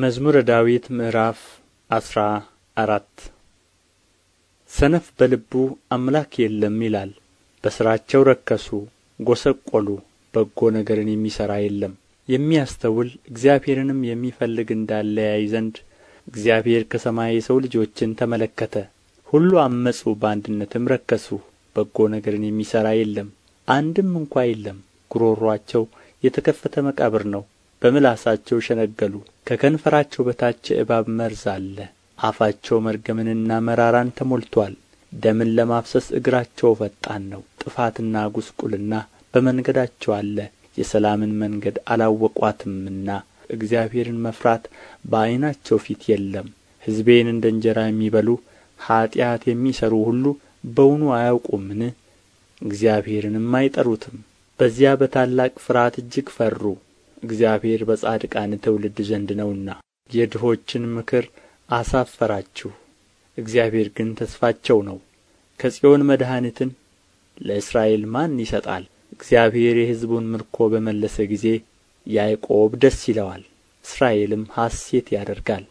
መዝሙረ ዳዊት ምዕራፍ አስራ አራት ሰነፍ በልቡ አምላክ የለም ይላል። በሥራቸው ረከሱ፣ ጐሰቈሉ፣ በጎ ነገርን የሚሠራ የለም። የሚያስተውል እግዚአብሔርንም የሚፈልግ እንዳለ ያይ ዘንድ እግዚአብሔር ከሰማይ የሰው ልጆችን ተመለከተ። ሁሉ አመፁ፣ በአንድነትም ረከሱ፣ በጎ ነገርን የሚሠራ የለም፣ አንድም እንኳ የለም። ጉሮሮአቸው የተከፈተ መቃብር ነው፣ በምላሳቸው ሸነገሉ ከከንፈራቸው በታች የእባብ መርዝ አለ አፋቸው መርገምንና መራራን ተሞልቶአል ደምን ለማፍሰስ እግራቸው ፈጣን ነው ጥፋትና ጉስቁልና በመንገዳቸው አለ የሰላምን መንገድ አላወቋትምና እግዚአብሔርን መፍራት በአይናቸው ፊት የለም ሕዝቤን እንደ እንጀራ የሚበሉ ኀጢአት የሚሠሩ ሁሉ በውኑ አያውቁምን እግዚአብሔርንም አይጠሩትም በዚያ በታላቅ ፍርሃት እጅግ ፈሩ እግዚአብሔር በጻድቃን ትውልድ ዘንድ ነውና የድሆችን ምክር አሳፈራችሁ እግዚአብሔር ግን ተስፋቸው ነው ከጽዮን መድኃኒትን ለእስራኤል ማን ይሰጣል እግዚአብሔር የሕዝቡን ምርኮ በመለሰ ጊዜ ያዕቆብ ደስ ይለዋል እስራኤልም ሐሴት ያደርጋል